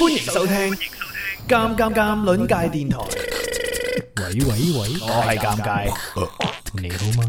歡迎收聽《尷尷尷》鄰界電台。喂喂喂，我係尷尬，你好嗎？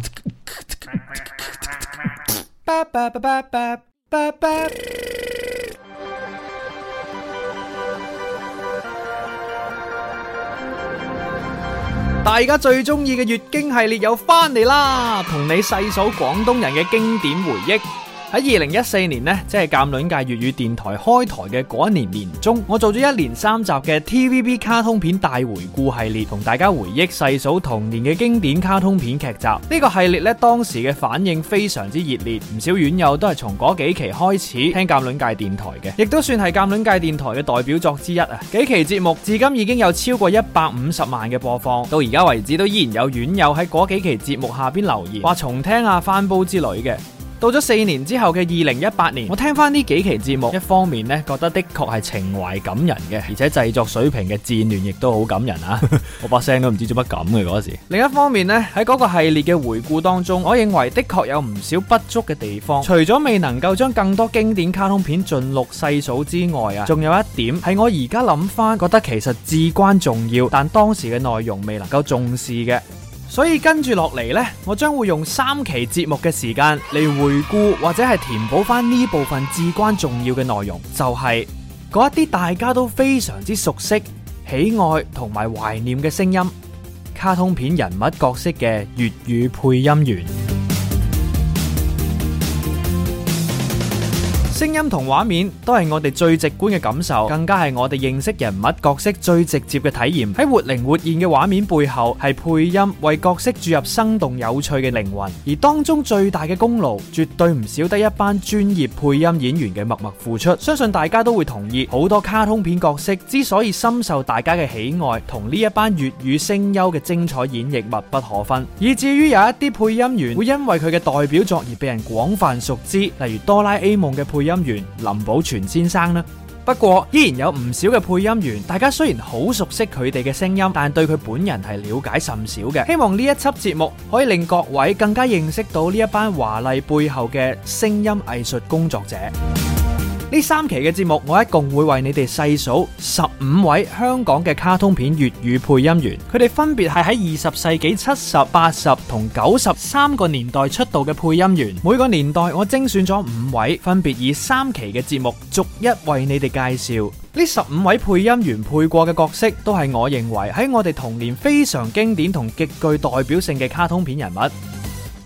大家最中意嘅月經系列又翻嚟啦，同你細數廣東人嘅經典回憶。喺二零一四年呢，即係鑑卵界粵語電台開台嘅嗰一年年中，我做咗一連三集嘅 TVB 卡通片大回顧系列，同大家回憶細數童年嘅經典卡通片劇集。呢、這個系列咧，當時嘅反應非常之熱烈，唔少院友都係從嗰幾期開始聽鑑卵界電台嘅，亦都算係鑑卵界電台嘅代表作之一啊！幾期節目至今已經有超過一百五十萬嘅播放，到而家為止都依然有院友喺嗰幾期節目下邊留言，話重聽啊、翻煲之類嘅。到咗四年之後嘅二零一八年，我聽翻呢幾期節目，一方面呢覺得的確係情懷感人嘅，而且製作水平嘅戰亂亦都好感人啊！ 我把聲都唔知做乜咁嘅嗰時。另一方面呢，喺嗰個系列嘅回顧當中，我認為的確有唔少不足嘅地方，除咗未能夠將更多經典卡通片盡錄細數之外啊，仲有一點係我而家諗翻，覺得其實至關重要，但當時嘅內容未能夠重視嘅。所以跟住落嚟呢，我將會用三期節目嘅時間嚟回顧或者係填補翻呢部分至關重要嘅內容，就係嗰一啲大家都非常之熟悉、喜愛同埋懷念嘅聲音、卡通片人物角色嘅粵語配音員。聲音同畫面都係我哋最直觀嘅感受，更加係我哋認識人物角色最直接嘅體驗。喺活靈活現嘅畫面背後，係配音為角色注入生動有趣嘅靈魂，而當中最大嘅功勞，絕對唔少得一班專業配音演員嘅默默付出。相信大家都會同意，好多卡通片角色之所以深受大家嘅喜愛，同呢一班粵語聲優嘅精彩演繹密不可分。以至於有一啲配音員會因為佢嘅代表作而被人廣泛熟知，例如哆啦 A 夢嘅配音。配音員林寶全先生呢，不過依然有唔少嘅配音員，大家雖然好熟悉佢哋嘅聲音，但係對佢本人係了解甚少嘅。希望呢一輯節目可以令各位更加認識到呢一班華麗背後嘅聲音藝術工作者。呢三期嘅節目，我一共會為你哋細數十五位香港嘅卡通片粵語配音員，佢哋分別係喺二十世紀七十、八十同九十三個年代出道嘅配音員。每個年代我精選咗五位，分別以三期嘅節目逐一為你哋介紹。呢十五位配音員配過嘅角色，都係我認為喺我哋童年非常經典同極具代表性嘅卡通片人物。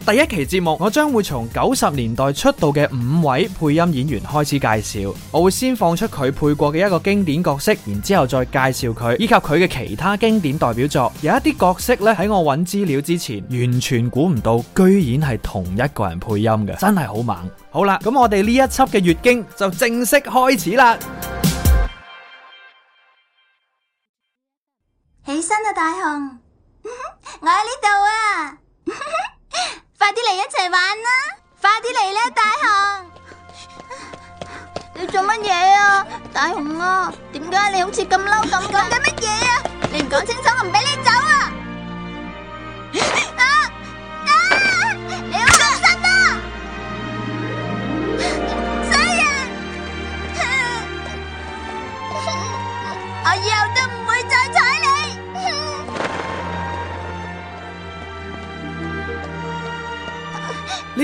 第一期節目，我將會從九十年代出道嘅五位配音演員開始介紹。我會先放出佢配過嘅一個經典角色，然之後再介紹佢，以及佢嘅其他經典代表作。有一啲角色咧，喺我揾資料之前，完全估唔到，居然係同一個人配音嘅，真係好猛！好啦，咁我哋呢一輯嘅月經就正式開始啦！起身啊，大雄， 我喺呢度啊！ 快啲嚟一齊玩啦！快啲嚟啦，大雄！ 你做乜嘢啊，大雄啊？點解你好似咁嬲咁嘅？講緊乜嘢啊？ 你唔講清楚，我唔俾你走啊！啊！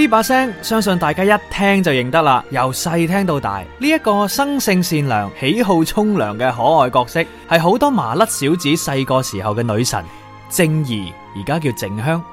呢把聲相信大家一聽就認得啦，由細聽到大，呢、這、一個生性善良、喜好沖涼嘅可愛角色，係好多麻甩小子細個時候嘅女神靜兒，而家叫靜香。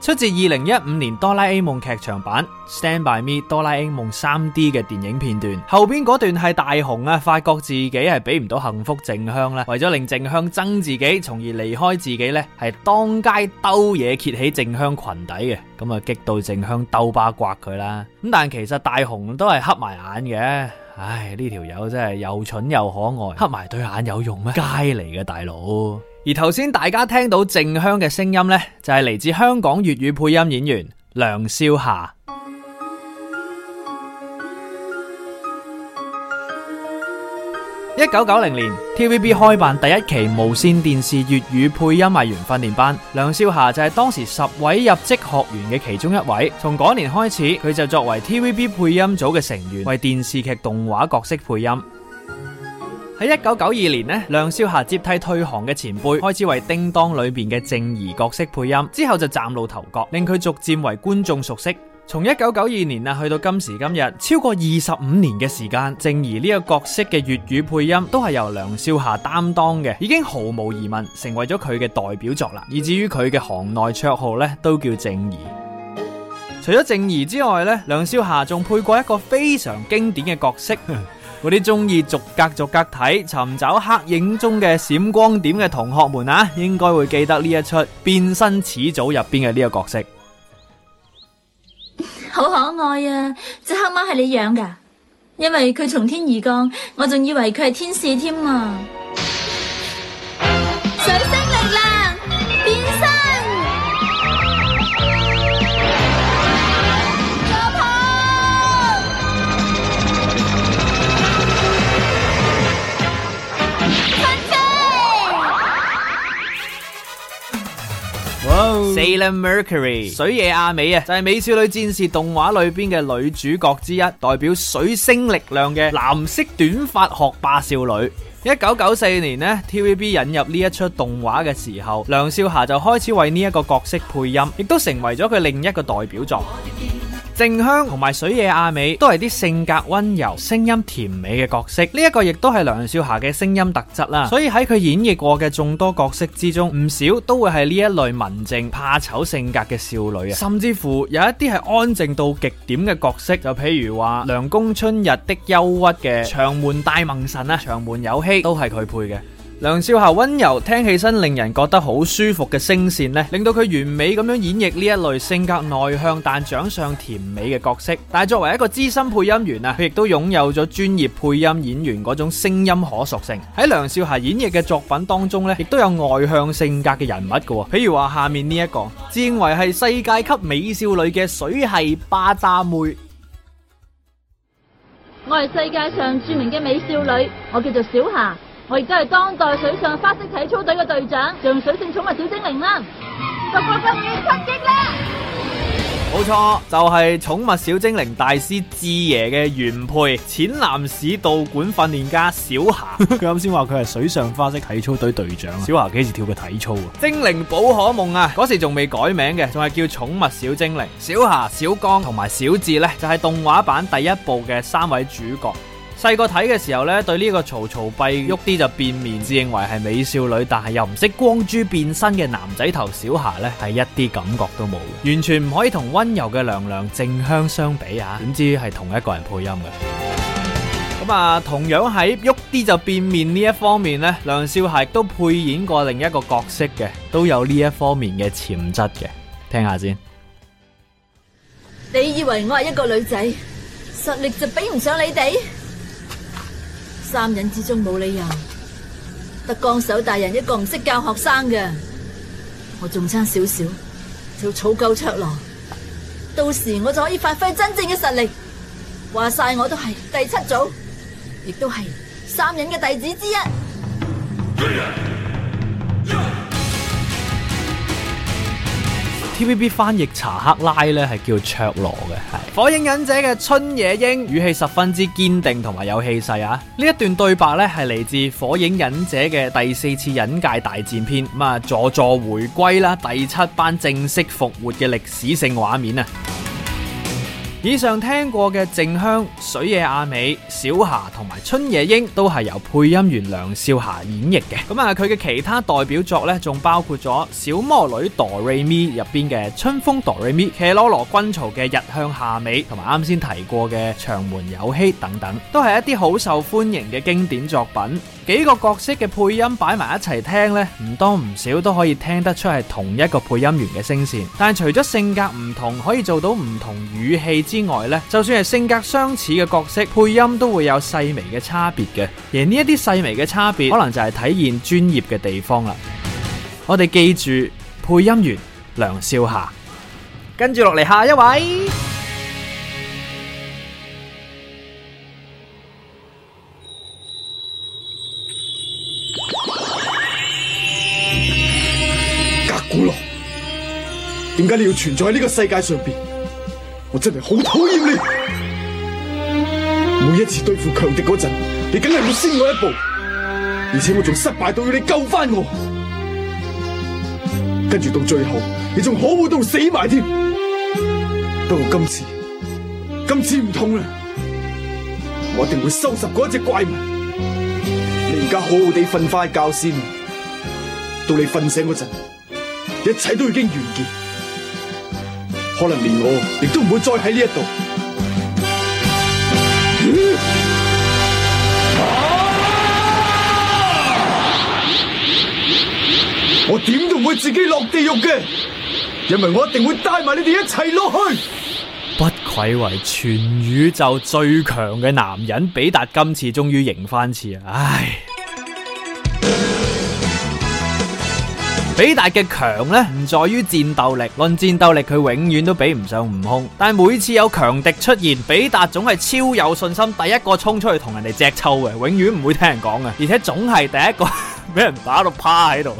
出自二零一五年《哆啦 A 夢》劇場版《Stand by Me 哆啦 A 夢》三 D 嘅電影片段，後邊嗰段係大雄啊，發覺自己係俾唔到幸福靜香啦，為咗令靜香憎自己，從而離開自己咧，係當街兜嘢揭起靜香裙底嘅，咁啊激到靜香兜巴刮佢啦。咁但其實大雄都係黑埋眼嘅，唉，呢條友真係又蠢又可愛，黑埋對眼有用咩？街嚟嘅大佬。而頭先大家聽到靜香嘅聲音呢就係、是、嚟自香港粵語配音演員梁少霞。一九九零年，TVB 開辦第一期無綫電視粵語配音藝員訓練班，梁少霞就係當時十位入職學員嘅其中一位。從嗰年開始，佢就作為 TVB 配音組嘅成員，為電視劇、動畫角色配音。喺一九九二年呢，梁少霞接替退行嘅前輩，開始為《叮噹》裏邊嘅靜兒角色配音，之後就嶄露頭角，令佢逐漸為觀眾熟悉。從一九九二年啊，去到今時今日，超過二十五年嘅時間，靜兒呢個角色嘅粵語配音都係由梁少霞擔當嘅，已經毫無疑問成為咗佢嘅代表作啦。以至於佢嘅行內綽號咧，都叫靜兒。除咗靜兒之外呢，梁少霞仲配過一個非常經典嘅角色。 我啲中意逐格逐格睇、尋找黑影中嘅閃光點嘅同學們啊，應該會記得呢一出《變身始祖》入邊嘅呢個角色。 好可愛啊！隻黑貓係你養噶，因為佢從天而降，我仲以為佢係天使添啊！哦，Sailor Mercury 水野亞美啊，就係美少女戰士動畫裏邊嘅女主角之一，代表水星力量嘅藍色短髮學霸少女。一九九四年呢，TVB 引入呢一出動畫嘅時候，梁少霞就開始為呢一個角色配音，亦都成為咗佢另一個代表作。靜香同埋水野亞美都係啲性格温柔、聲音甜美嘅角色，呢一個亦都係梁少霞嘅聲音特質啦。所以喺佢演繹過嘅眾多角色之中，唔少都會係呢一類文靜、怕醜性格嘅少女啊，甚至乎有一啲係安靜到極點嘅角色，就譬如話《涼宮春日的憂鬱》嘅長門大萌神啦，長門有希都係佢配嘅。梁少霞溫柔聽起身，令人覺得好舒服嘅聲線咧，令到佢完美咁樣演繹呢一類性格內向但長相甜美嘅角色。但係作為一個資深配音員啊，佢亦都擁有咗專業配音演員嗰種聲音可塑性。喺梁少霞演繹嘅作品當中咧，亦都有外向性格嘅人物嘅，譬如話下面呢、這、一個自認為係世界級美少女嘅水系巴渣妹。我係世界上著名嘅美少女，我叫做小霞。我而家係當代水上花式體操隊嘅隊長，仲水性寵物小精靈啦，逐個訓練出擊啦。冇錯，就係、是、寵物小精靈大師智爺嘅原配淺藍市道館訓練家小霞。佢啱先話佢係水上花式體操隊隊長。小霞幾時跳過體操啊？精靈寶可夢啊，嗰時仲未改名嘅，仲係叫寵物小精靈。小霞、小剛同埋小智呢，就係、是、動畫版第一部嘅三位主角。細個睇嘅時候呢，對呢個嘈嘈閉喐啲就變面，自認為係美少女，但係又唔識光珠變身嘅男仔頭小霞呢，係一啲感覺都冇，完全唔可以同溫柔嘅娘娘靜香相比啊！點知係同一個人配音嘅？咁啊， 同樣喺喐啲就變面呢一方面呢，梁少霞都配演過另一個角色嘅，都有呢一方面嘅潛質嘅。聽下先，你以為我係一個女仔，實力就比唔上你哋？三忍之中冇理由，得綱手大人一個唔識教學生嘅，我仲差少少，就草夠出咯，到時我就可以發揮真正嘅實力。話晒我都係第七組，亦都係三忍嘅弟子之一。T.V.B. 翻譯查克拉咧係叫卓羅嘅，係《火影忍者》嘅春野櫻，語氣十分之堅定同埋有氣勢啊！呢一段對白咧係嚟自《火影忍者》嘅第四次忍界大戰篇，咁啊佐助回歸啦，第七班正式復活嘅歷史性畫面啊！以上聽過嘅靜香、水野亞美、小霞同埋春野櫻都係由配音員梁少霞演繹嘅。咁啊，佢嘅其他代表作呢，仲包括咗《小魔女 Doremi》入邊嘅《春風 Doremi》、《騎羅羅軍曹》嘅《日向夏美》同埋啱先提過嘅《長門有希》等等，都係一啲好受歡迎嘅經典作品。幾個角色嘅配音擺埋一齊聽呢，唔多唔少都可以聽得出係同一個配音員嘅聲線。但除咗性格唔同可以做到唔同語氣之外呢，就算係性格相似嘅角色配音都會有細微嘅差別嘅。而呢一啲細微嘅差別，可能就係體現專業嘅地方啦。我哋記住配音員梁少霞，跟住落嚟下一位。點解你要存在喺呢個世界上邊？我真係好討厭你！每一次對付強敵嗰陣，你梗係會先我一步，而且我仲失敗到要你救翻我，跟住到最後，你仲可惡到死埋添！不過今次，今次唔痛啦，我一定會收拾嗰隻怪物。你而家好好地瞓返覺先，到你瞓醒嗰陣，一切都已經完結。可能連我亦都唔會再喺呢一度。啊、我點都唔會自己落地獄嘅，因為我一定會帶埋你哋一齊落去。不愧為全宇宙最強嘅男人，比達今次終於贏翻次啊！唉。比達嘅強呢，唔在於戰鬥力，論戰鬥力佢永遠都比唔上悟空。但係每次有強敵出現，比達總係超有信心，第一個衝出去同人哋隻臭嘅，永遠唔會聽人講嘅，而且總係第一個俾 人打到趴喺度。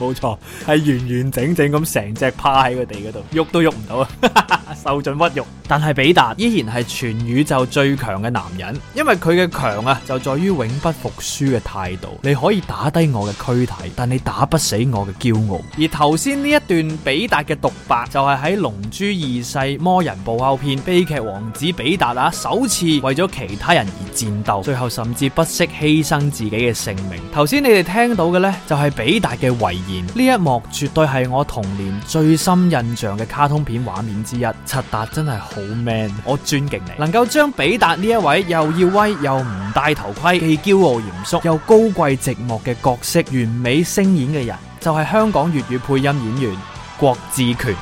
冇 錯，係完完整整咁成隻趴喺佢哋嗰度，喐都喐唔到啊， 受盡屈辱。但係比達依然係全宇宙最強嘅男人，因為佢嘅強啊，就在於永不服輸嘅態度。你可以打低我嘅軀體，但你打不死我嘅驕傲。而頭先呢一段比達嘅獨白，就係喺《龍珠二世魔人布歐篇》悲劇王子比達啊，首次為咗其他人而戰鬥，最後甚至不惜犧牲自己嘅性命。頭先你哋聽到嘅呢，就係比達嘅遺言。呢一幕絕對係我童年最深印象嘅卡通片畫面之一。七達真係好 man，oh、我尊敬你，能夠將比達呢一位又要威又唔戴頭盔、既驕傲嚴肅又高貴寂寞嘅角色完美聲演嘅人，就係、是、香港粵語配音演員郭志權。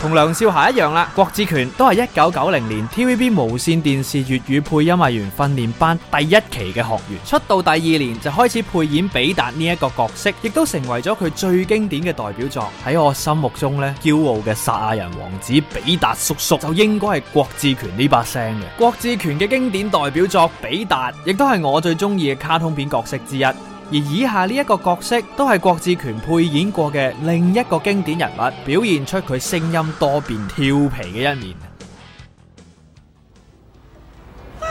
同梁少霞一樣啦，郭志權都係一九九零年 TVB 無線電視粵語配音藝員訓練班第一期嘅學員。出道第二年就開始配演比達呢一個角色，亦都成為咗佢最經典嘅代表作。喺我心目中咧，驕傲嘅撒亞人王子比達叔叔就應該係郭志權呢把聲嘅。郭志權嘅經典代表作比達，亦都係我最中意嘅卡通片角色之一。而以下呢一個角色都係郭志權配演過嘅另一個經典人物，表現出佢聲音多變、調皮嘅一面。啊、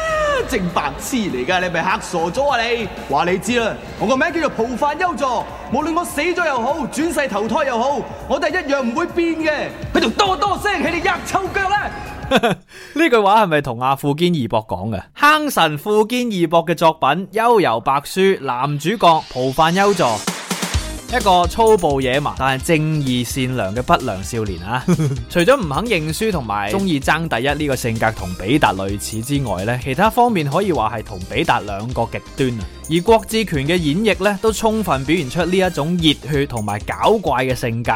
正白痴嚟噶，你咪吓傻咗啊你！你話你知啦，我個名叫做浦飯幽助，無論我死咗又好，轉世投胎又好，我都係一樣唔會變嘅。佢仲多多聲起你壓臭腳咧、啊！呢 句話係咪同阿富堅義博講嘅？坑神富堅義博嘅作品《悠遊白書》，男主角蒲飯悠助， 一個粗暴野蠻但係正義善良嘅不良少年啊！ 除咗唔肯認輸同埋鍾意爭第一呢個性格同比達類似之外呢，其他方面可以話係同比達兩個極端啊！而郭志權嘅演繹呢，都充分表現出呢一種熱血同埋搞怪嘅性格。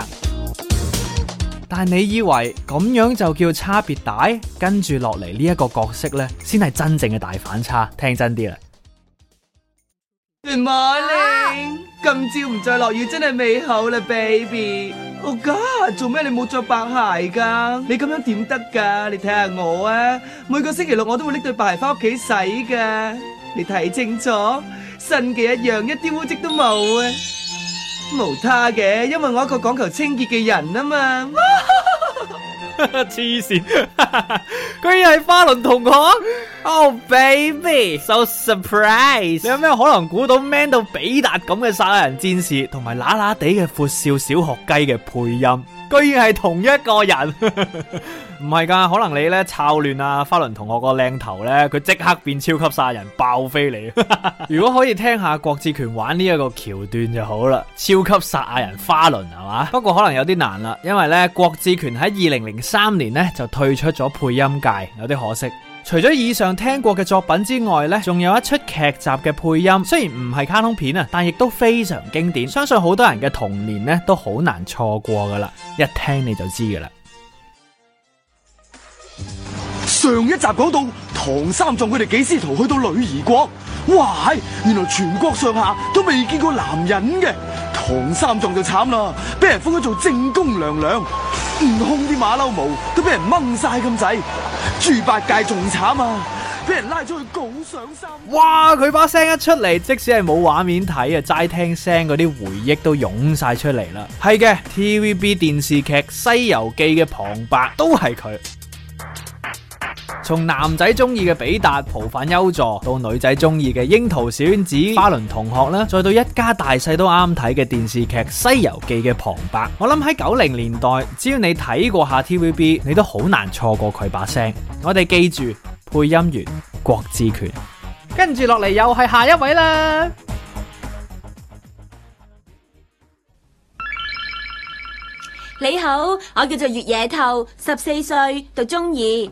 但你以為咁樣就叫差別大？跟住落嚟呢一個角色咧，先係真正嘅大反差。聽真啲啦，袁馬玲，今朝唔再落雨真係美好啦，baby。Oh God，o k 做咩你冇着白鞋㗎？你咁樣點得㗎？你睇下我啊，每個星期六我都會拎對白鞋返屋企洗㗎。你睇清楚，新嘅一樣，一啲污跡都冇啊。無他嘅，因為我一個講求清潔嘅人啊嘛，黐 線 經病， 居然係花輪同學，Oh baby，so surprise，你有咩可能估到 man 到比達咁嘅殺人戰士同埋嗱嗱地嘅闊少小學雞嘅配音，居然係同一個人。 唔係㗎，可能你咧，炒亂啊，花輪同學個靚頭呢，佢即刻變超級殺人爆飛你。 如果可以聽下郭志權玩呢一個橋段就好啦，超級殺阿人花輪係嘛？不過可能有啲難啦，因為呢，郭志權喺二零零三年呢就退出咗配音界，有啲可惜。除咗以上聽過嘅作品之外呢，仲有一出劇集嘅配音，雖然唔係卡通片啊，但亦都非常經典，相信好多人嘅童年呢都好難錯過㗎啦。一聽你就知㗎啦。上一集講到唐三藏佢哋幾師徒去到女兒國，哇！原來全國上下都未見過男人嘅，唐三藏就慘啦，俾人封咗做正宮娘娘，悟空啲馬騮毛都俾人掹晒咁滯，豬八戒仲慘啊，俾人拉出去拱上山。哇！佢把聲一出嚟，即使係冇畫面睇啊，齋聽聲嗰啲回憶都湧晒出嚟啦。係嘅，TVB 電視劇《西遊記》嘅旁白都係佢。從男仔中意嘅比達、浦飯幽助到女仔中意嘅櫻桃小丸子、巴倫同學啦，再到一家大細都啱睇嘅電視劇《西遊記》嘅旁白，我諗喺九零年代，只要你睇過下 TVB，你都好難錯過佢把聲。我哋記住配音員郭志權，跟住落嚟又係下一位啦。你好，我叫做月野兔，十四歲讀中二。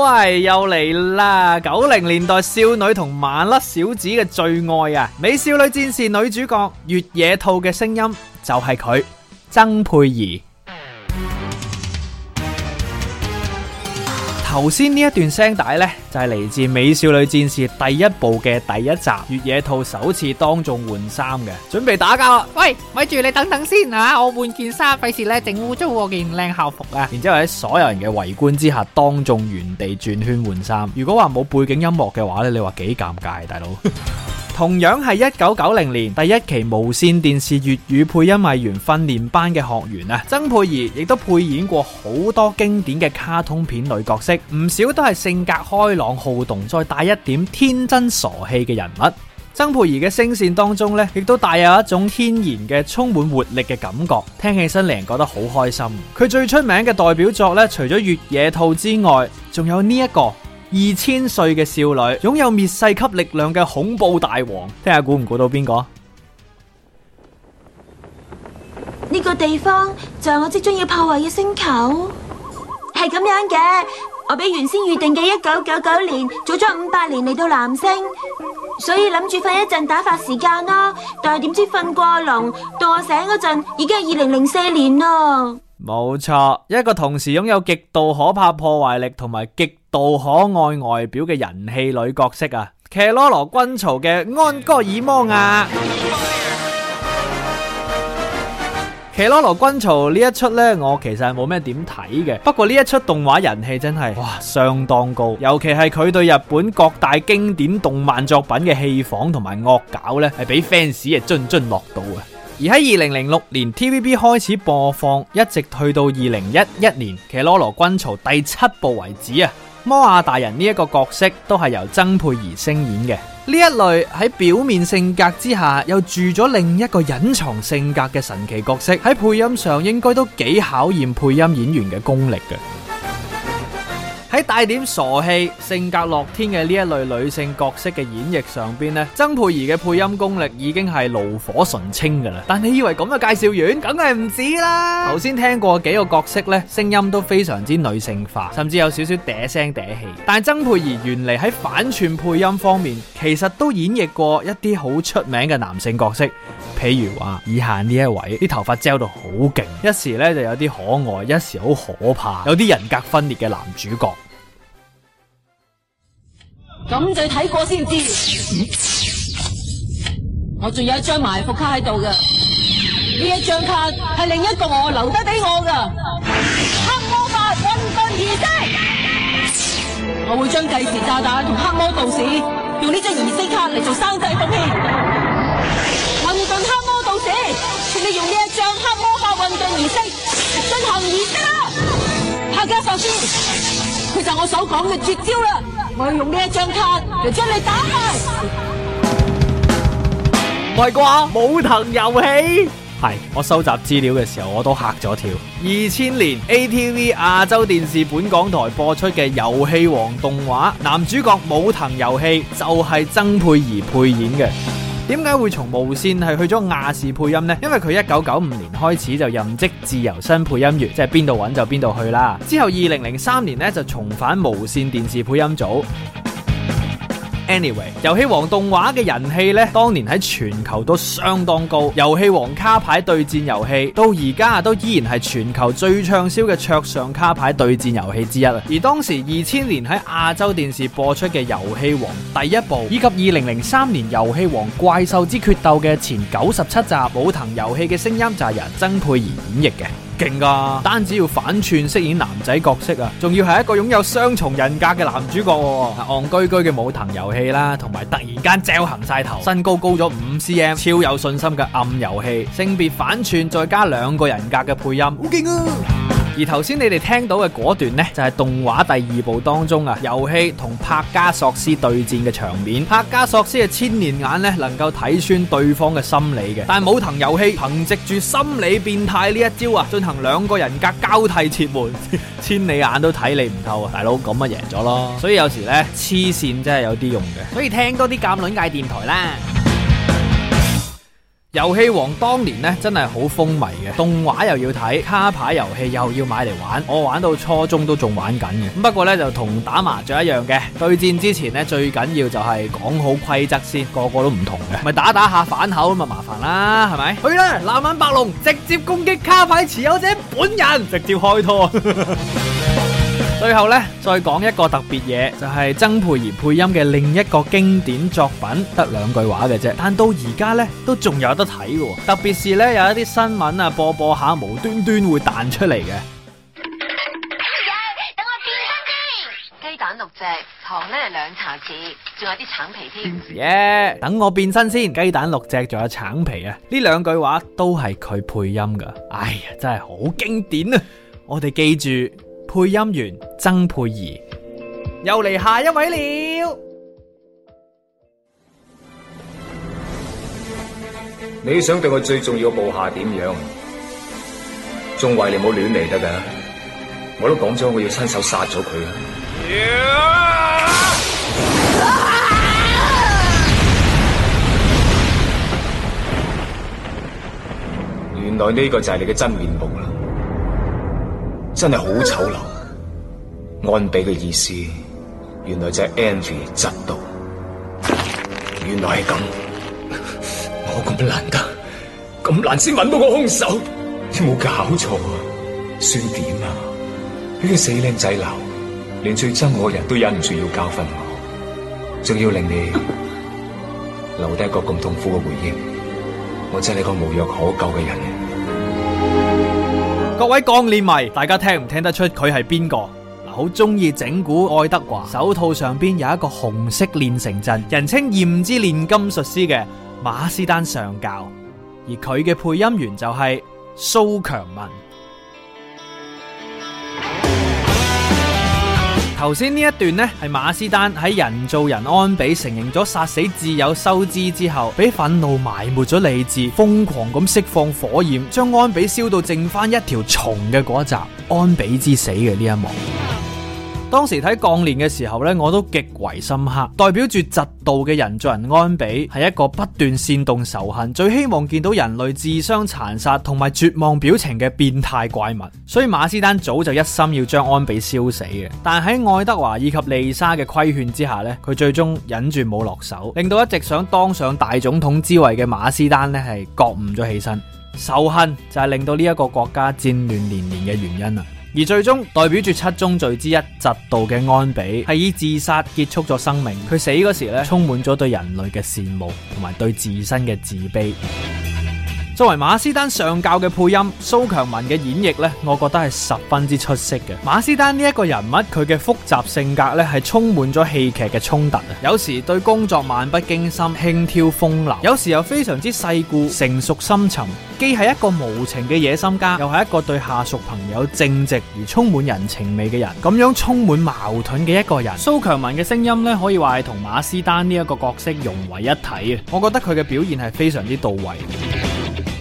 喂，又嚟啦！九零年代少女同萬粒小子嘅最愛啊，《美少女戰士》女主角、月野兔嘅聲音就係佢，曾佩儀。頭先呢一段聲帶呢，就係、是、嚟自《美少女戰士》第一部嘅第一集《越野兔》首次當眾換衫嘅，準備打交啦！喂，咪住你等等先吓，啊，我換件衫，費事咧整污糟我件靚校服啊！然之後喺所有人嘅圍觀之下，當眾原地轉圈換衫。如果話冇背景音樂嘅話咧，你話幾尷尬，大佬？ 同樣係一九九零年第一期無線電視粵語配音藝員訓練班嘅學員啊，曾佩儀亦都配演過好多經典嘅卡通片女角色，唔少都係性格開朗好動，再帶一點天真傻氣嘅人物。曾佩儀嘅聲線當中呢，亦都帶有一種天然嘅充滿活力嘅感覺，聽起身令人覺得好開心。佢最出名嘅代表作呢，除咗《越野兔》之外，仲有呢、這、一個。二千歲嘅少女，擁有滅世級力量嘅恐怖大王，聽下估唔估到邊個？呢個地方就係我即將要破壞嘅星球，係咁樣嘅。我比原先預定嘅一九九九年早咗五百年嚟到南星，所以諗住瞓一陣打發時間咯。但係點知瞓過龍，到我醒嗰陣已經係二零零四年咯。冇錯，一個同時擁有極度可怕破壞力同埋極。做可愛外表嘅人氣女角色啊！《騎羅羅軍曹》嘅安哥爾摩亞，《騎羅羅軍曹》呢一出呢，我其實係冇咩點睇嘅。不過呢一出動畫人氣真係哇相當高，尤其係佢對日本各大經典動漫作品嘅戲仿同埋惡搞呢，係俾 fans 啊津津樂道啊。而喺二零零六年，TVB 開始播放，一直退到二零一一年《騎羅羅軍曹》第七部為止啊。摩亞大人呢一個角色都係由曾佩儀聲演嘅，呢一類喺表面性格之下又住咗另一個隱藏性格嘅神奇角色，喺配音上應該都幾考驗配音演員嘅功力嘅。喺帶點傻氣、性格樂天嘅呢一類女性角色嘅演繹上邊咧，曾佩儀嘅配音功力已經係爐火純青噶啦。但你以為咁嘅介紹完，梗係唔止啦！頭先聽過幾個角色呢，聲音都非常之女性化，甚至有少少嗲聲嗲氣。但曾佩儀原嚟喺反串配音方面，其實都演繹過一啲好出名嘅男性角色。譬如話以下呢一位，啲頭髮遮到好勁，一時咧就有啲可愛，一時好可怕，有啲人格分裂嘅男主角。咁就睇過先知。嗯、我仲有一張埋伏卡喺度嘅，呢一張卡係另一個我留低俾我嘅。黑魔法混沌儀式，啊、我會將計時炸彈同黑魔道士用呢張儀式卡嚟做生祭奉獻。黑魔法運動儀式進行完啦，客家首先，佢就係我所講嘅絕招啦，我要用呢一張卡嚟將你打敗。唔係啩？武藤遊戲係，我收集資料嘅時候我都吓咗跳。二千年 ATV 亞洲電視本港台播出嘅《遊戲王》動畫，男主角武藤遊戲就係曾佩儀配演嘅。點解會從無線係去咗亞視配音呢？因為佢一九九五年開始就任職自由身配音員，即係邊度揾就邊度去啦。之後二零零三年呢，就重返無線電視配音組。Anyway，遊戲王動畫嘅人氣呢，當年喺全球都相當高。遊戲王卡牌對戰遊戲到而家都依然係全球最暢銷嘅桌上卡牌對戰遊戲之一啊！而當時二千年喺亞洲電視播出嘅《遊戲王》第一部，以及二零零三年《遊戲王怪獸之決鬥》嘅前九十七集，武藤遊戲嘅聲音就係由曾佩兒演繹嘅。勁噶、啊，單止要反串飾演男仔角色啊，仲要係一個擁有雙重人格嘅男主角喎、啊，戇居居嘅武藤遊戲啦，同埋突然間姣行晒頭，身高高咗五 cm，超有信心嘅暗遊戲，性別反串再加兩個人格嘅配音，好勁啊！而頭先你哋聽到嘅嗰段呢，就係動畫第二部當中啊，遊戲同帕加索斯對戰嘅場面。帕加索斯嘅千年眼呢，能夠睇穿對方嘅心理嘅，但係武藤遊戲憑藉住心理變態呢一招啊，進行兩個人格交替切換， 千里眼都睇你唔透啊！大佬咁啊贏咗咯。所以有時呢，黐線真係有啲用嘅。所以聽多啲鑑論界電台啦。遊戲王當年咧真係好風靡嘅，動畫又要睇，卡牌遊戲又要買嚟玩，我玩到初中都仲玩緊嘅。不過咧就同打麻雀一樣嘅，對戰之前咧最緊要就係講好規則先，個個都唔同嘅，咪打打下反口咁咪麻煩啦，係咪？去啦，藍眼白龍直接攻擊卡牌持有者本人，直接開拖。 最後咧，再講一個特別嘢，就係曾佩儀配音嘅另一個經典作品，得兩句話嘅啫，但到而家咧都仲有得睇嘅，特別是咧有一啲新聞啊播播下，無端端會彈出嚟嘅。Hey, yeah. 等我變身先，雞蛋六隻，糖咧兩茶匙，仲有啲橙皮添。耶！Yeah. 等我變身先，雞蛋六隻，仲有橙皮啊！呢兩句話都係佢配音噶，哎呀，真係好經典啊！我哋記住。配音員曾佩儀，又嚟下一位了。你想對我最重要嘅部下點樣？仲話你冇亂嚟得噶？我都講咗我要親手殺咗佢啊！Yeah! 原來呢個就係你嘅真面目啦！真係好醜陋！安、啊、比嘅意思，原來就係 envy 嫉妒。原來係咁！我咁難得，咁難先揾到個兇手，你冇搞錯啊！算點啊？呢、那個死靚仔流，連最憎我嘅人都忍唔住要教訓我，仲要令你留低一個咁痛苦嘅回憶，我真係個無藥可救嘅人。各位鋼煉迷，大家聽唔聽得出佢係邊個？好中意整蠱愛德華，手套上邊有一個紅色煉成陣，人稱“炎之煉金術師”嘅馬斯丹上校，而佢嘅配音員就係蘇強文。頭先呢一段呢，係馬斯丹喺人造人安比承認咗殺死摯友收支之後，俾憤怒埋沒咗理智，瘋狂咁釋放火焰，將安比燒到剩翻一條蟲嘅嗰一集《安比之死》嘅呢一幕。當時睇鋼煉嘅時候呢，我都極為深刻。代表住嫉妒嘅人造人安比，係一個不斷煽動仇恨、最希望見到人類自相殘殺同埋絕望表情嘅變態怪物。所以馬斯丹早就一心要將安比燒死嘅，但喺愛德華以及利莎嘅規勸之下呢，佢最終忍住冇落手，令到一直想當上大總統之位嘅馬斯丹呢，係覺悟咗起身。仇恨就係令到呢一個國家戰亂連連嘅原因啊！而最終代表住七宗罪之一嫉妒嘅安比，係以自殺結束咗生命。佢死嗰時咧，充滿咗對人類嘅羨慕同埋對自身嘅自卑。作為馬斯丹上教嘅配音，蘇強文嘅演繹呢，我覺得係十分之出色嘅。馬斯丹呢一個人物，佢嘅複雜性格呢，係充滿咗戲劇嘅衝突啊！有時對工作漫不經心、輕佻風流，有時又非常之世故，成熟深沉，既係一個無情嘅野心家，又係一個對下屬朋友正直而充滿人情味嘅人。咁樣充滿矛盾嘅一個人，蘇強文嘅聲音呢，可以話係同馬斯丹呢一個角色融為一體啊！我覺得佢嘅表現係非常之到位。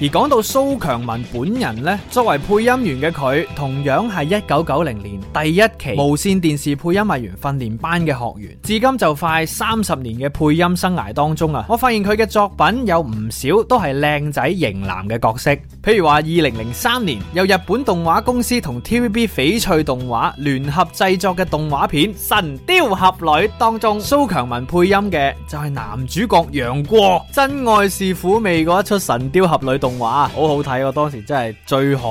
而講到蘇強文本人呢，作為配音員嘅佢，同樣係一九九零年第一期無線電視配音藝員訓練班嘅學員。至今就快三十年嘅配音生涯當中啊，我發現佢嘅作品有唔少都係靚仔型男嘅角色，譬如話二零零三年由日本動畫公司同 TVB 翡翠動畫聯合製作嘅動畫片《神雕俠侶》，當中蘇強文配音嘅就係男主角楊過，《真愛是苦味》嗰一出《神雕俠侶》。動畫好好睇，我當時真係追看。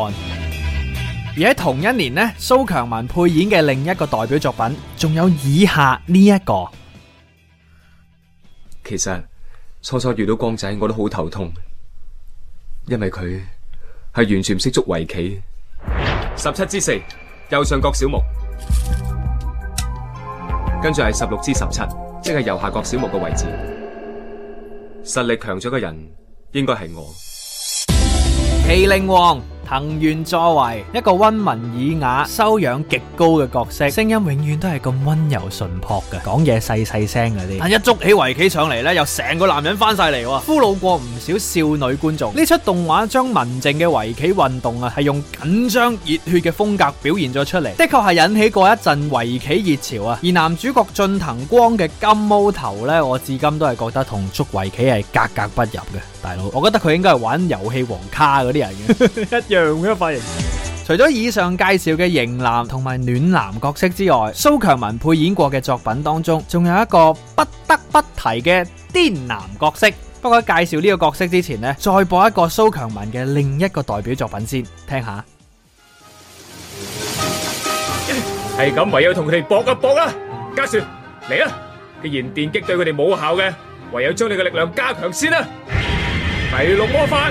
而喺同一年呢，蘇強文配演嘅另一個代表作品，仲有以下呢一個。其實初初遇到光仔，我都好頭痛，因為佢係完全唔識捉圍棋。十七之四，右上角小木。跟住係十六之十七，即係右下角小木嘅位置。實力強咗嘅人，應該係我。麒麟王。Hey, 藤原作為一個温文爾雅、修養極高嘅角色，聲音永遠都係咁温柔淳樸嘅，講嘢細細聲嗰啲。但一捉起圍棋上嚟咧，又成個男人翻晒嚟喎，俘虜過唔少少女觀眾。呢出動畫將文靜嘅圍棋運動啊，係用緊張熱血嘅風格表現咗出嚟，的確係引起過一陣圍棋熱潮啊。而男主角進藤光嘅金毛頭呢，我至今都係覺得同捉圍棋係格格不入嘅。大佬，我覺得佢應該係玩遊戲王卡嗰啲人嘅。 一樣嘅髮型。除咗以上介紹嘅型男同埋暖男角色之外，蘇強文配演過嘅作品當中，仲有一個不得不提嘅癲男角色。不過喺介紹呢個角色之前呢，再播一個蘇強文嘅另一個代表作品先，聽下。係咁，唯有同佢哋搏一搏啦，嘉樹，嚟啦！既然電擊對佢哋冇效嘅，唯有將你嘅力量加強先啦。第六魔法。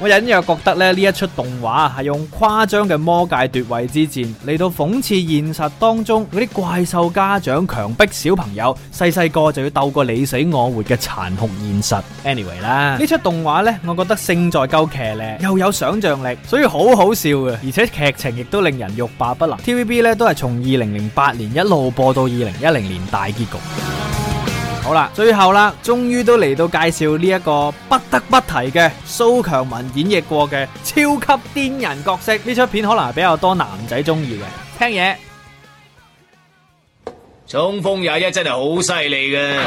我隱約覺得咧呢一出動畫係用誇張嘅魔界奪位之戰嚟到諷刺現實當中嗰啲怪獸家長強迫小朋友細細個就要鬥過你死我活嘅殘酷現實。Anyway 啦，呢出動畫呢，我覺得勝在夠騎呢，又有想象力，所以好好笑啊。而且劇情亦都令人欲罷不能。TVB 呢都係從二零零八年一路播到二零一零年大結局。好啦，最後啦，終於都嚟到，介紹呢一個不得不提嘅蘇強文演繹過嘅超級癲人角色。呢齣片可能係比較多男仔中意嘅。聽嘢，衝鋒廿一真係好犀利嘅。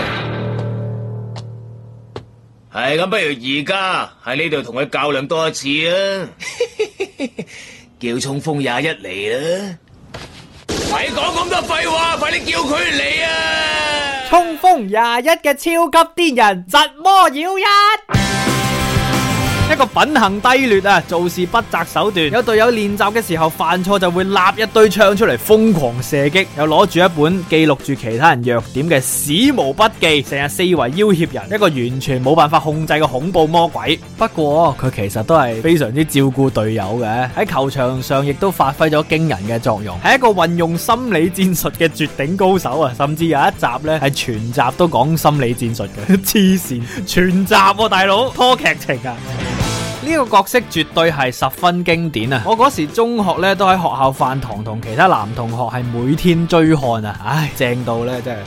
係咁， 不如而家喺呢度同佢較量多一次啊！ 叫衝鋒廿一嚟啦！咪講咁多廢話，快啲叫佢嚟啊！衝鋒廿一嘅超級癲人，疾魔妖一。一個品行低劣啊，做事不擇手段。有隊友練習嘅時候犯錯，就會立一堆槍出嚟瘋狂射擊。又攞住一本記錄住其他人弱點嘅史無筆記，成日四圍要挾人。一個完全冇辦法控制嘅恐怖魔鬼。不過佢其實都係非常之照顧隊友嘅。喺球場上亦都發揮咗驚人嘅作用，係一個運用心理戰術嘅絕頂高手啊！甚至有一集呢，係全集都講心理戰術嘅。黐 線，全集，啊、大佬，拖劇情啊！ 呢個角色絕對係十分經典啊！我嗰時中學咧都喺學校飯堂同其他男同學係每天追看啊！唉，正到咧真係！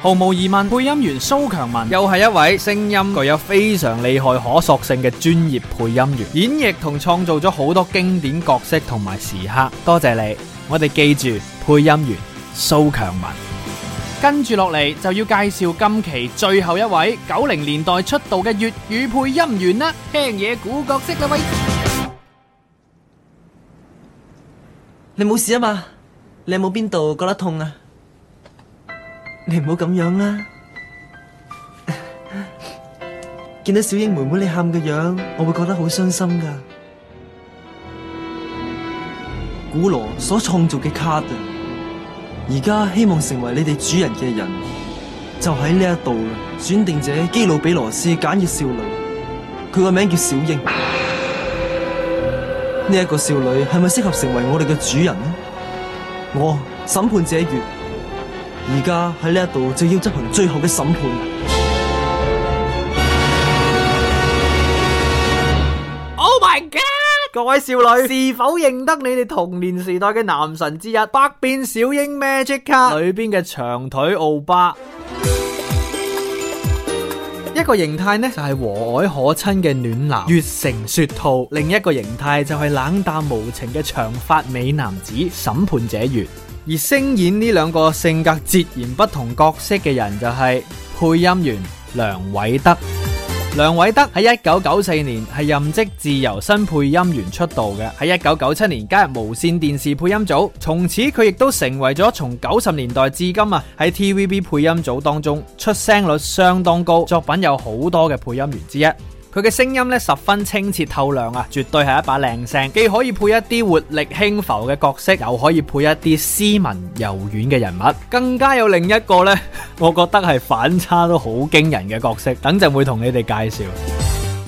毫無疑問，配音員蘇強文又係一位聲音具有非常厲害可塑性嘅專業配音員，演繹同創造咗好多經典角色同埋時刻。多謝你，我哋記住配音員蘇強文。跟住落嚟就要介紹今期最後一位九零年代出道嘅粵語配音員啦，聽嘢古角色啦喂，你冇事啊嘛？你有冇邊度覺得痛啊？你唔好咁樣啦，啊， 見到小英妹妹你喊嘅樣，我會覺得好傷心噶。古羅所創造嘅卡特。而家希望成為你哋主人嘅人，就喺呢一度啦。選定者基魯比羅斯揀嘅少女，佢個名叫小櫻。呢一個少女係咪適合成為我哋嘅主人呢？我審判者月，而家喺呢一度就要執行最後嘅審判。各位少女，是否認得你哋童年時代嘅男神之一百變小櫻？Magic 卡裏邊嘅長腿奧巴，一個形態呢就係和藹可親嘅暖男月城雪兔，另一個形態就係冷淡無情嘅長髮美男子審判者月。而聲演呢兩個性格截然不同角色嘅人就係配音員梁偉德。梁偉德喺一九九四年係任職自由身配音員出道嘅，喺一九九七年加入無線電視配音組，從此佢亦都成為咗從九十年代至今啊，喺 TVB 配音組當中出聲率相當高，作品有好多嘅配音員之一。佢嘅聲音咧十分清澈透亮啊，絕對係一把靚聲，既可以配一啲活力輕浮嘅角色，又可以配一啲斯文柔軟嘅人物，更加有另一個呢，我覺得係反差都好驚人嘅角色，等陣會同你哋介紹。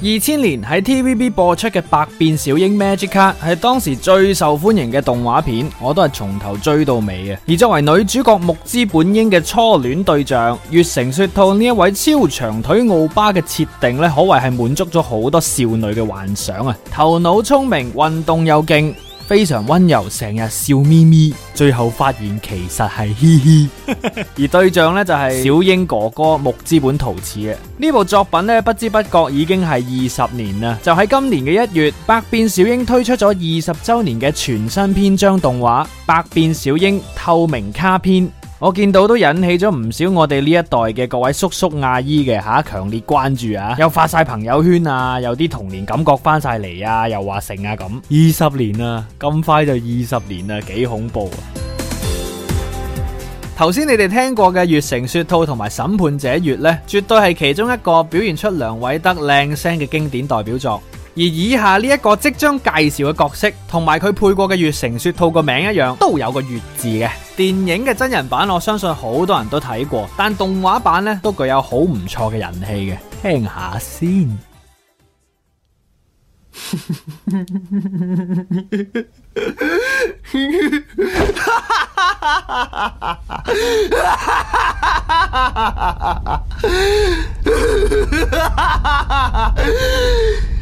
二千年喺 TVB 播出嘅《百變小櫻 Magic 卡》係當時最受歡迎嘅動畫片，我都係從頭追到尾嘅。而作為女主角木之本櫻嘅初戀對象月城雪兔呢，一位超長腿歐巴嘅設定呢，可謂係滿足咗好多少女嘅幻想啊！頭腦聰明，運動又勁。非常溫柔，成日笑咪咪，最後發現其實係嘻嘻。 而對象呢，就係小櫻哥哥木之本桃矢嘅呢 部作品呢，不知不覺已經係二十年啦。就喺今年嘅一月，百變小櫻推出咗二十周年嘅全新篇章動畫《百變小櫻透明卡片》。我見到都引起咗唔少我哋呢一代嘅各位叔叔阿姨嘅吓強烈關注啊，又發晒朋友圈啊，有啲童年感覺翻晒嚟啊，又話成啊咁。二十年啊，咁快就二十年啊，幾恐怖啊！頭先你哋聽過嘅《月城雪兔》同埋《審判者月》呢，絕對係其中一個表現出梁偉德靚聲嘅經典代表作。而以下呢一個即將介紹嘅角色，同埋佢配過嘅《月城雪兔》個名一樣，都有個月字嘅。電影嘅真人版，我相信好多人都睇過，但動畫版咧都具有好唔錯嘅人氣嘅。聽下先。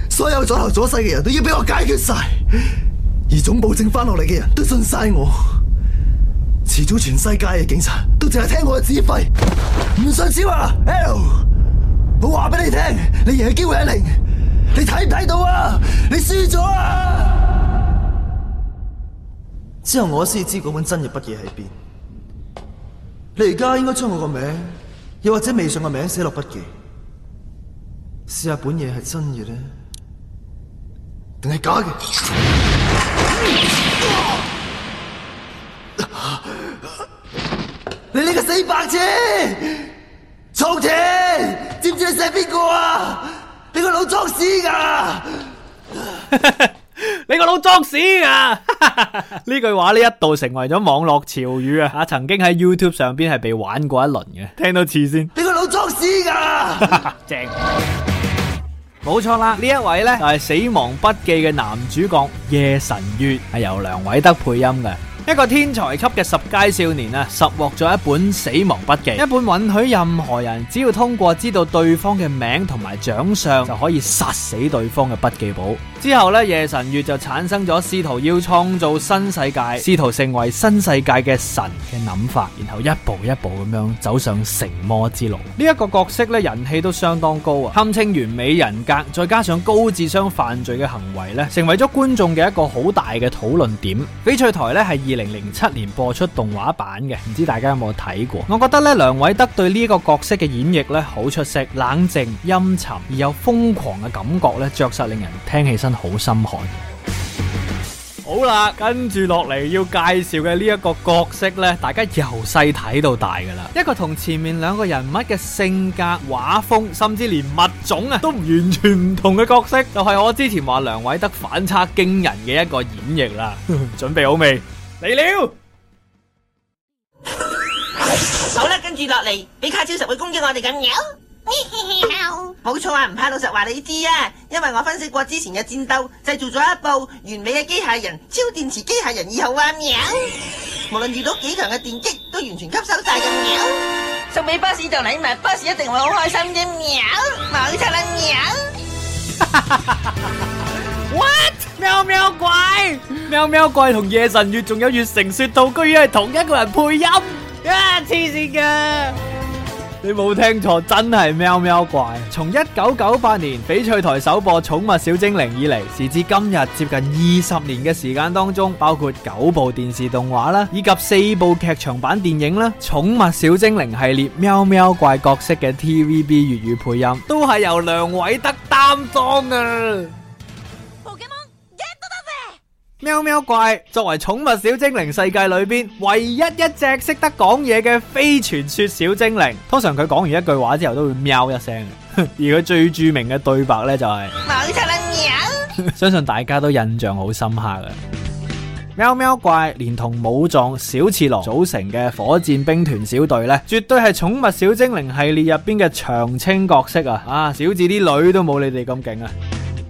所有阻頭阻勢嘅人都要俾我解決晒，而總部剩返落嚟嘅人都信晒我。遲早全世界嘅警察都淨係聽我嘅指揮，唔信招啊 L！我話俾你聽，你贏嘅機會零，你睇唔睇到啊？你輸咗啊！之後我先知嗰本真嘅筆記喺邊，你而家應該將我個名，又或者微信個名寫落筆記，試下本嘢係真嘅咧，定係假嘅？ 啊你呢個死白癡，松田知唔知你射邊個啊？你個老裝屎㗎！ 你個老裝屎㗎！呢 句話呢一度成為咗網絡潮語啊！啊，曾經喺 YouTube 上邊係被玩過一輪嘅。聽到次先。你個老裝屎㗎！ 正，冇錯啦。呢一位呢就係《死亡筆記》嘅男主角夜神月，係由梁偉德配音嘅。一個天才級嘅十佳少年啊，拾獲咗一本死亡筆記，一本允許任何人只要通過知道對方嘅名同埋長相就可以殺死對方嘅筆記簿。之後咧，夜神月就產生咗試圖要創造新世界、試圖成為新世界嘅神嘅諗法，然後一步一步咁樣走上成魔之路。呢一個角色咧，人氣都相當高啊，堪稱完美人格，再加上高智商犯罪嘅行為咧，成為咗觀眾嘅一個好大嘅討論點。翡翠台咧係零零七年播出動畫版嘅，唔知大家有冇睇過？我覺得咧，梁偉德對呢一個角色嘅演繹咧好出色，冷靜陰沉而又瘋狂嘅感覺咧，着實令人聽起身好心寒。好啦，跟住落嚟要介紹嘅呢一個角色咧，大家由細睇到大噶啦，一個同前面兩個人物嘅性格、畫風，甚至連物種啊都完全唔同嘅角色，就係我之前話梁偉德反差驚人嘅一個演繹啦。 準備好未？嚟了，好啦，跟住落嚟，俾卡超實會攻擊我哋咁樣，冇錯啊，唔怕老實話你知啊，因為我分析過之前嘅戰鬥，製造咗一部完美嘅機械人超電池機械人二號啊，喵，無論遇到幾強嘅電擊，都完全吸收晒嘅喵，送俾巴士就禮物，巴士一定會好開心嘅喵，冇錯啦喵，哈哈哈！哈，what？喵喵怪，喵喵怪同夜神月仲有月城雪兔，居然係同一個人配音，啊！黐線㗎，你冇聽錯，真係喵喵怪。從一九九八年翡翠台首播《寵物小精靈》以嚟，時至今日接近二十年嘅時間當中，包括九部電視動畫啦，以及四部劇場版電影啦，《寵物小精靈》系列喵喵怪角色嘅 TVB 粵語配音，都係由梁偉德擔當啊！喵喵怪作為寵物小精靈世界裏邊唯一一隻識得講嘢嘅非傳說小精靈，通常佢講完一句話之後都會喵一聲，而佢最著名嘅對白呢、就是，就係，喵 相信大家都印象好深刻嘅。喵喵怪連同武藏小次郎組成嘅火箭兵團小隊呢，絕對係寵物小精靈系列入邊嘅長青角色啊！啊，小智啲女都冇你哋咁勁啊！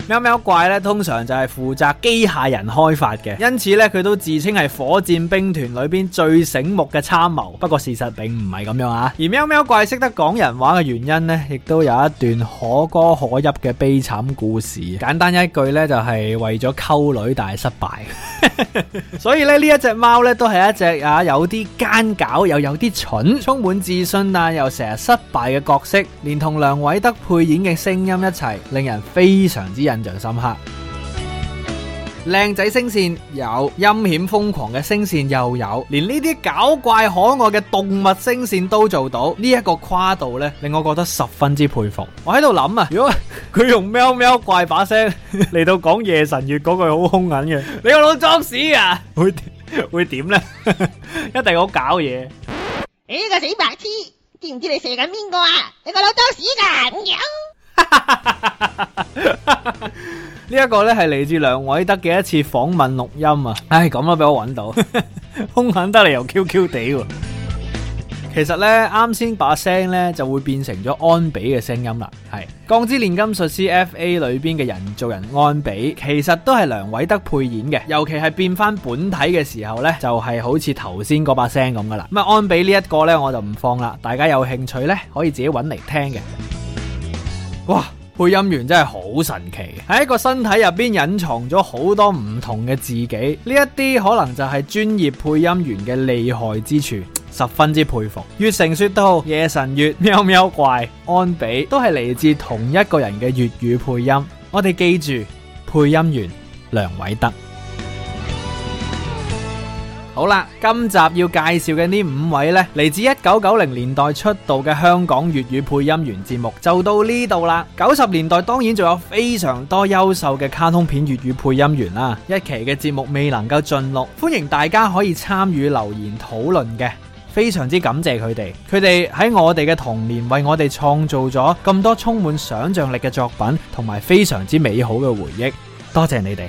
喵喵怪咧，通常就係負責機械人開發嘅，因此咧佢都自稱係火箭兵團裏邊最醒目嘅參謀。不過事實並唔係咁樣啊！而喵喵，喵怪識得講人話嘅原因呢，亦都有一段可歌可泣嘅悲慘故事。簡單一句呢，就係、是、為咗溝女，大失敗。 所以咧呢一隻貓咧，都係一隻啊有啲奸狡，又有啲蠢，充滿自信啊，又成日失敗嘅角色。連同梁偉德配演嘅聲音一齊，令人非常之人。印象深刻，靚仔聲線有，陰險瘋狂嘅聲線又有，連呢啲搞怪可愛嘅動物聲線都做到，呢一個跨度呢，令我覺得十分之佩服。我喺度諗啊，如果佢用喵喵怪把聲嚟到講夜神月嗰句好凶狠嘅，你個腦裝屎啊，會會點呢？一定好搞嘢！你個死白痴，知唔知你射緊邊個啊？你個腦裝屎噶！呢一 個呢，係嚟自梁偉德嘅一次訪問錄音啊！唉，咁都俾我揾到，空 閒得嚟又 Q Q 地。其實呢啱先把聲呢，聲就會變成咗安比嘅聲音啦。係《鋼之煉金術師》F A 裏邊嘅人造人安比，其實都係梁偉德配演嘅。尤其係變翻本體嘅時候呢，就係、是、好似頭先嗰把聲咁噶啦。咁啊，安比呢一個呢，我就唔放啦，大家有興趣呢，可以自己揾嚟聽嘅。哇！配音員真係好神奇，喺一個身體入邊隱藏咗好多唔同嘅自己，呢一啲可能就係專業配音員嘅厲害之處，十分之佩服。月成說都好，夜神月、喵喵怪、安比都係嚟自同一個人嘅粵語配音，我哋記住配音員梁偉德。好啦，今集要介紹嘅呢五位呢，嚟自一九九零年代出道嘅香港粵語配音員節目，就到呢度啦。九十年代當然仲有非常多優秀嘅卡通片粵語配音員啦。一期嘅節目未能夠盡錄，歡迎大家可以參與留言討論嘅，非常之感謝佢哋，佢哋喺我哋嘅童年爲我哋創造咗咁多充滿想象力嘅作品，同埋非常之美好嘅回憶。多謝你哋。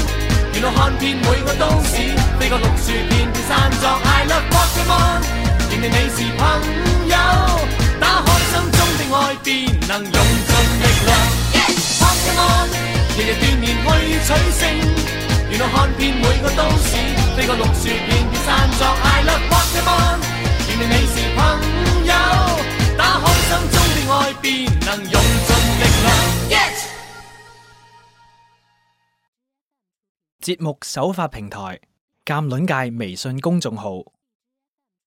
原來看遍每個都市，飛過綠樹片片山莊。I love Pokémon，認定你是朋友。打開心中的愛，便能用盡力量。Pokémon，日日鍛鍊去取勝。原來看遍每個都市，飛過綠樹片片山莊。I love Pokémon，認定你是朋友。打開心中的愛，便能用盡力量。Yeah! Yeah! 節目首發平台：鑒卵界微信公眾號。